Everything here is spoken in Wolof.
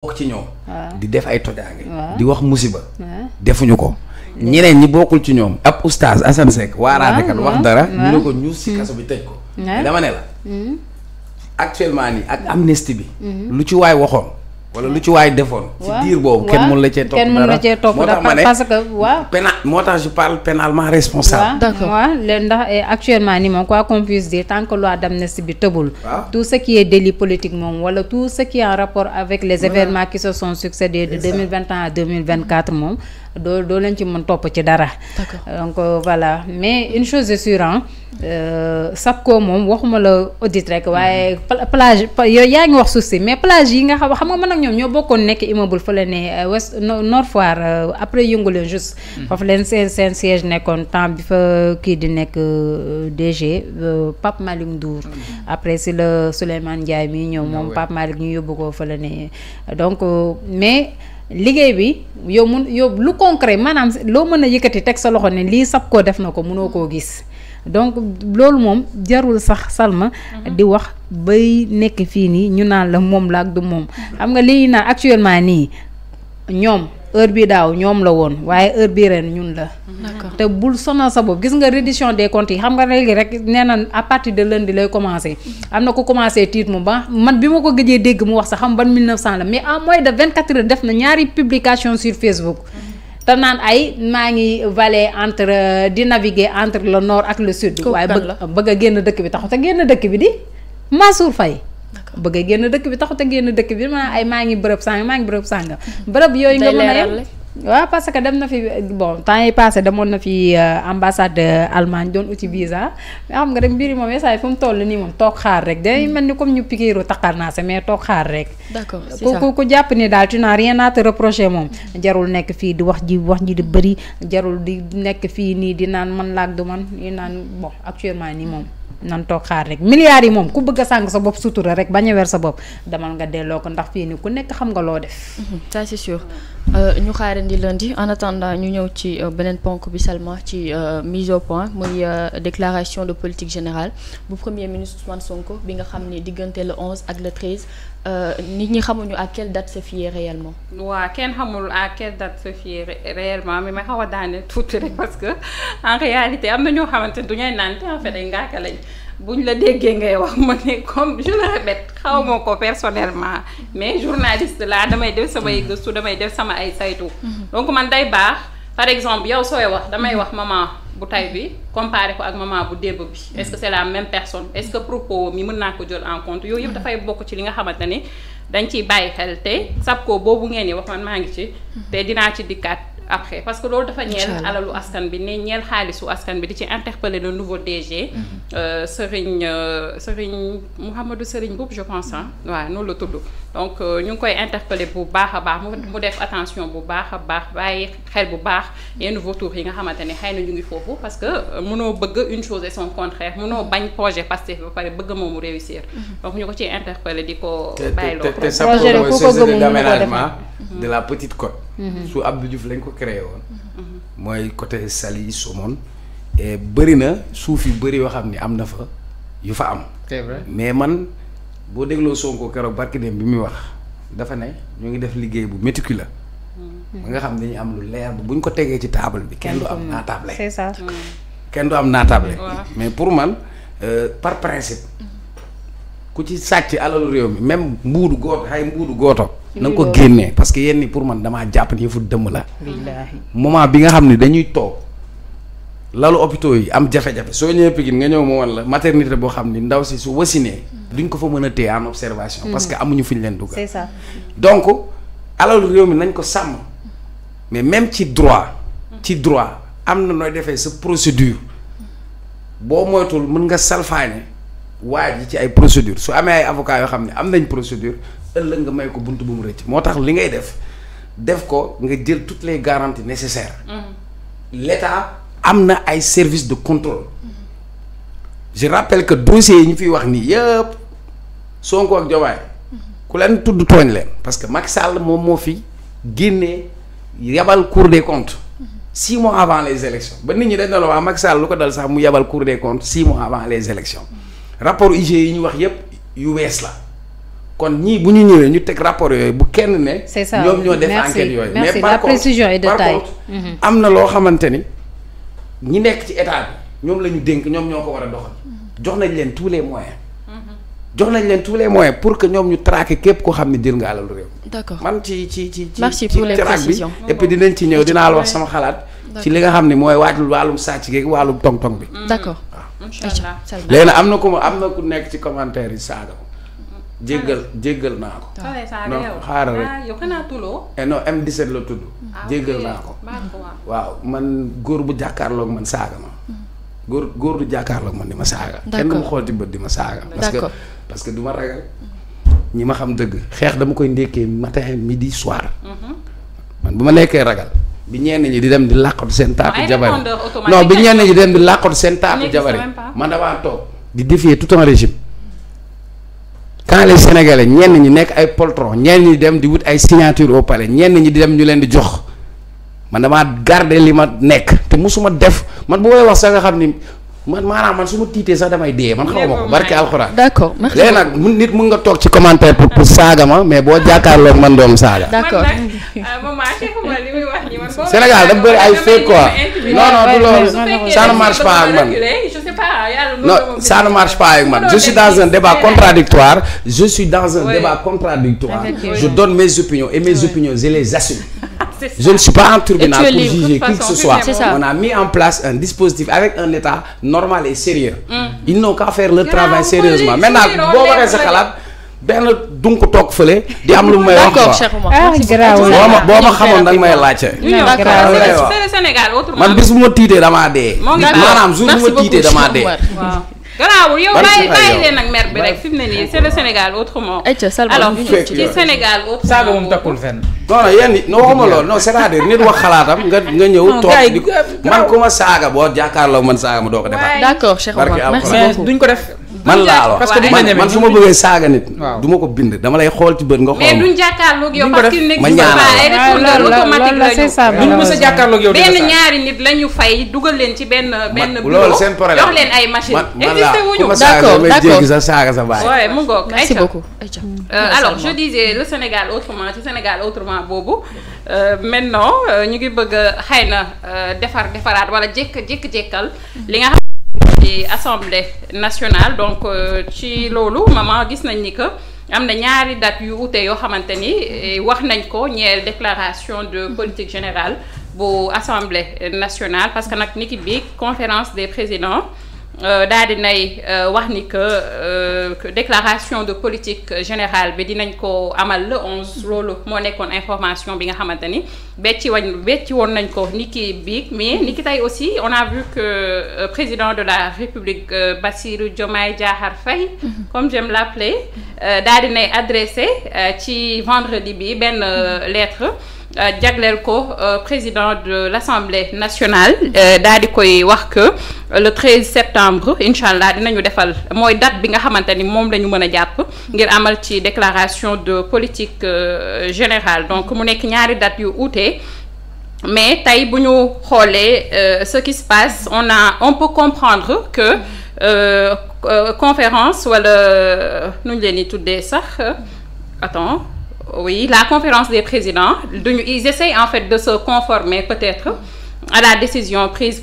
bokk ci ñoom di def ay tojaange di wax musiba defuñu ko ñeneen ñi bokkul ci ñoom ab oustaz Assane Seck waaraate kat wax dara ñu ne ko ñu si hmm. kaso bi tëj ko dama ne la hmm. actuellement nii ak amnistie bi hmm. lu ci waay waxoon wala lu ci waay defoon. ci diir kenn mën la cee topp dara la parce que waaw. pénal moo tax je parle pénalement responsable. d'accord waaw ndax eh, actuellement ni moom quoi qu'on puisse dire tant que loi d'amnistie bi tëbul. tout ce qui est délit politique moom wala tout ce qui est en rapport avec les événements qui se sont succédés de 2021 à 2024 moom. doo doo leen ci mën topp ci dara. Euh, donc euh, voilà mais une chose est sûre ah. SAPCO moom waxuma la audit rek waaye plage yooyu yaa ngi wax suuf si mais plage yi nga xam xam nga man nag ñoom ñoo bokkoon nekk immeuble fële ne Ouest Nord Foire après yëngu leen juste. Hmm. foofu leen seen seen nekkoon temps bi fa kii di nekk DG Pape Malick Ndour. Hmm. après si la Souleymane Ndiaye mii ñëw ah moom Pape Malick ñu yóbbu ko fële ne donc mais. liggéey bi yow mun yow lu concret maanaam loo mën a yëkkati teg sa loxo ne lii sab koo def na ko munoo koo gis donc loolu moom jarul sax Salma mhm. di wax bay nekk fii nii ñu naan la moom la ak du moom mhm. xam nga lii naan actuellement nii ñoom heure bi daaw ñoom la woon waaye heure bi ren ñun la. te bul sonal sa bopp gis nga reddition des comptes yi xam nga léegi rek nee na à partir de lundi lay commencé. am na ko commencé tiit mu ba man bi ma ko gëjee dégg mu wax sax xam ban 1900 la mais en moins de 24 heures def na ñaari publication sur Facebook. te naan ay maa ngi valer entre di naviguer entre la nord ak le sud. waaye bëgg bëgg a génn dëkk bi taxu a génn dëkk bi di Mansour Faye bëgg a génn dëkk bi taxut a génn dëkk bi ma ay maa ngi bërëb sàng maa ngi bërëb sàng hmm. bërëb yooyu nga mën a yem waaw parce que dem na fi bon temps yi passé demoon na fi euh, ambassade Allemagne doon uti visa nga rek mbir yi saa yi fu mu toll nii moom toog xaar rek day hmm. mel ni comme ñu pikiiru taqar naa mais toog xaar rek. d'accord ku ku ku jàpp ni daal tu n'as rien à te reprocher moom. Hmm. jarul nekk fii di wax ji wax ji di bëri jarul di nekk fii nii di naan man laag du man di naan bon actuellement nii moom. nan xaar rek milliards yi moom ku bëgg a sàng sa bopp sutura rek bañ a weer sa bopp damal nga delloo ko ndax fii ni ku nekk xam nga loo def. Mhm, ça euh, ñu sûr ñu xaarandi lundi en attendant ñu ñëw ci euh, beneen ponk bi seulement ci euh, mise au point muy déclaration de politique générale bu premier ministre Ousmane Sonko bi nga xam ni diggante le 11 ak le 13. Euh, nit ñi xamuñu à quelle date se fier réellement. kenn xamul à quelle date se fier réellement mais ma xaw a daane tuuti rek parce que en réalité am na ñoo xamante ne du ñuy naan te en fait ay ngaaka lañ buñ la déggee ngay wax ma ne comme je le répète xaw ma ko personnellement mais journaliste laa damay def samay gëstu damay def sama ay saytu. Mhm. donc man day baax par exemple yow sooy wax damay wax maman. bu tay bi comparé ko ak maman bu démb bi mm. est que c'est la même personne est-ce que propos mi mën naa ko jël en compte yooyu yëpp dafay bokk ci li nga xamante ni dañ ciy bàyyi xel te sab ko boobu ngeen ni wax man maa ngi ci mm-hmm. te dinaa ci dikkaat après parce que loolu dafa ñeel alalu askan bi ne ñeel xaalisu askan bi di ci interpeller le nouveau DG mhm. euh, Serigne euh, Serigne Mouhamadou Serigne Boub je pense mhm. ah waaw noonu la tudd donc euh, ñu ngi koy interpeller bu baax a baax mu def attention bu baax a baax bàyyi xel bu baax mhm. yenn votour yi nga xamante ne xëy na ñu ngi foofu parce que mënoo bëgg une chose et son contraire mënoo bañ projet Pastef ba pare bëgg moomu réussir donc ñu ko ciy interpeller di ko bàyyi loolu projet d'aménagement de la lañ ko créé woon. Mhm. Mhm. mooy côté Saly Somone et bëri na suuf yu bëri yoo xam ne am na fa yu fa am. c'est mais man boo dégloo Sonko keroog barki dem bi muy wax dafa ne ñoo ngi def liggéey bu la mhm. ba nga xam ne dañu am lu leer bu ñu ko tegee ci table bi. kenn du am naatable c'est kenn du am naatable. mais pour man euh, par principe. ku ci sàcc alalu réew mi même mbuudu gooto xay mbuudu gooto na ko génnee parce que yenn pour man damaa jàpp ni yëfu dëmm la. moment bi nga xam ne dañuy toog lalu hôpitaux yi am jafe-jafe soo ñëwee Pikine nga ñëw mu wan la maternité boo xam ni ndaw si su wasinee. Hmm. duñ ko fa mën a téye en observation. Hmm. parce que amuñu fi ñu leen dugal. c'est donc alalu réew mi nañ ko sàmm mais même ci droit. Hmm. ci droit am na nooy defee sa procédure boo moytul mun nga salfaañe. waa ji ci ay procédure su amee ay avocat yoo xam ne am nañ procédure ëllëg nga may ko bunt bu mu rëcc moo tax li ngay def def ko nga jël toutes les garanties nécessaires mm-hmm. l'État am na ay service de contrôle mm-hmm. je rappelle que dossiers yi ñu fiy wax nii yëpp Sonko ak Diomaye mm-hmm. ku leen tudd tooñ leen parce que Macky Sall moom moo fi génnee yabal cour des comptes six mois avant les élections ba nit ñi dañ ne la waa Macky lu ko dal sax mu yabal cour des comptes six avant les élections rapport IGE yi ñu wax yépp yu wees la kon ñii bu ñu ñëwee ñu teg rapport yooyu bu kenn ne. c'est ça ñoom ñoo def enquête yooyu. mais par contre par contre mhm. am na loo xamante ni ñi nekk ci état bi ñoom lañu dénk ñoom ñoo ko war a dox jox nañ leen tous les moyens. Mhm. jox nañ leen tous les moyens pour que ñoom ñu traqué képp ko xam ne jël nga alalu réew. man ci ci ci ci. merci pour les précisions bi et dinañ ci ñëw dinaa la wax sama xalaat. ci li nga xam ne mooy waajul wàllum sàcc geeg wàllum tong-tong bi. d'accord. incha allah léegi am na ku ma am na ku nekk ci commentaire yi saaga ko. jéggal jéggal naa ko. non xaaral rek ah, yow xanaa tuloo. Eh non la tudd. Ah, jéggal naa ko. waaw man góor bu jàkkaarloog man saaga ma. góor góor du jàkkaarloog man di ma saaga. kenn du ma xool ci bët di ma saaga. parce que parce que du ma ragal. ñi ma xam dëgg xeex dama koy ndékkee matin midi soir. Mhm. man bu ma nekkee ragal. bi ñenn ñi di dem di làqatu seen taatu jabar non bi ñenn ñi dem di làqatu seen taatu jabar man damaa toog di défier tout un régime quand les sénégalais ñenn ñi nekk ay poltron ñeen ñi dem di wut ay signature au palais ñenn ñi di dem ñu leen di jox man damaa garder li ma nekk te musuma def man bu wax sax nga xam ni man maanaam man su ma tiitee sax damay dee man xaw ma ko barke alxuraan. d'accord léegi nag mun nit mun nga toog ci commentaire pour pour saaga ma mais boo jàkkaarloog man doomu saaga. d'accord ah, Sénégal dafa bëri ay fake quoi. non loolu ça ne marche ak man. je sais pas yàlla non ça ne marche pas avec man je suis dans un débat contradictoire je suis dans un débat contradictoire je donne mes opinions et mes opinions je je ne suis pas en tribunal qui que ce soit on a mis en place un dispositif avec un état normal et sérieux mm. ils n'ont qu'à faire leur travail sérieusement maintenant boo waxee sa xalaat benn dunk toog fële di am lu may wax ah, boo ma boo ma xamoon danga may laajte man bis bu ma tiitee damaa dee maanaam jour bu ma tiitee damaa dee garaawul yow bàyyi bàyyi leen ak bi rek fi mu ne nii c'est le Sénégal autrement. alors ci Sénégal autrement. saaga moom takkul fenn. non non yéen no waxuma loolu non c'est-à-dire nit wax xalaatam nga nga ñëw. toog man ku ma saaga boo jàkkaarloo man saaga ma doo ko defaat. d'accord Cheikh Omar duñ ko def. man laa wax parce que man su ma bëggee saaga nit. du ma ko bind dama lay xool ci bët nga. xool mais duñ jàkkaarloog yow parce que nekk sa ah, duñ mës a jàkkaarloog ñaari nit la ñu fay dugal leen ci benn benn bureau jox leen ay machine existé wuñu d'accord d'accord sa saaga sa baay mu ngoog merci beaucoup euh, alors je disais le Sénégal autrement ci Sénégal autrement boobu euh, maintenant euh, ñu ngi bëgg xëy na defar defaraat wala jëkk jékk jékkal li nga ci assemblée nationale donc euh, ci loolu maman gis nañ ni que am na ñaari date yu ute yoo xamante ni eh, wax nañ ko ñeel déclaration de politique générale bu assemblée nationale parce que nag niki bi conférence des présidents Euh, daal di nay euh, wax ni euh, que déclaration de politique générale bi dinañ ko amal le loolu moo nekkoon information bi nga xamante ni becci wañ becci woon nañ ko ni ki biig mais ni ki aussi on a vu que président de la république Bassirou Diomaye Diakhar Faye mhm. comme j'aime l'appeler daal di nay adressé ci vendredi bi benn lettre jagleel ko euh, président de l'Assemblée nationale euh, daal di koy wax que euh, le septembre incha allah dinañu defal mooy date bi nga xamante ni moom la mën a jàpp ngir amal ci déclaration de politique générale donc mu nekk ñaari date yu uute. mais tey bu ñu xoolee ce qui se passe on a on peut comprendre que conférence wala nu ñu leen di tuddee sax oui la conférence des présidents duñu ils essayent en fait de se conformer peut-être à la décision prise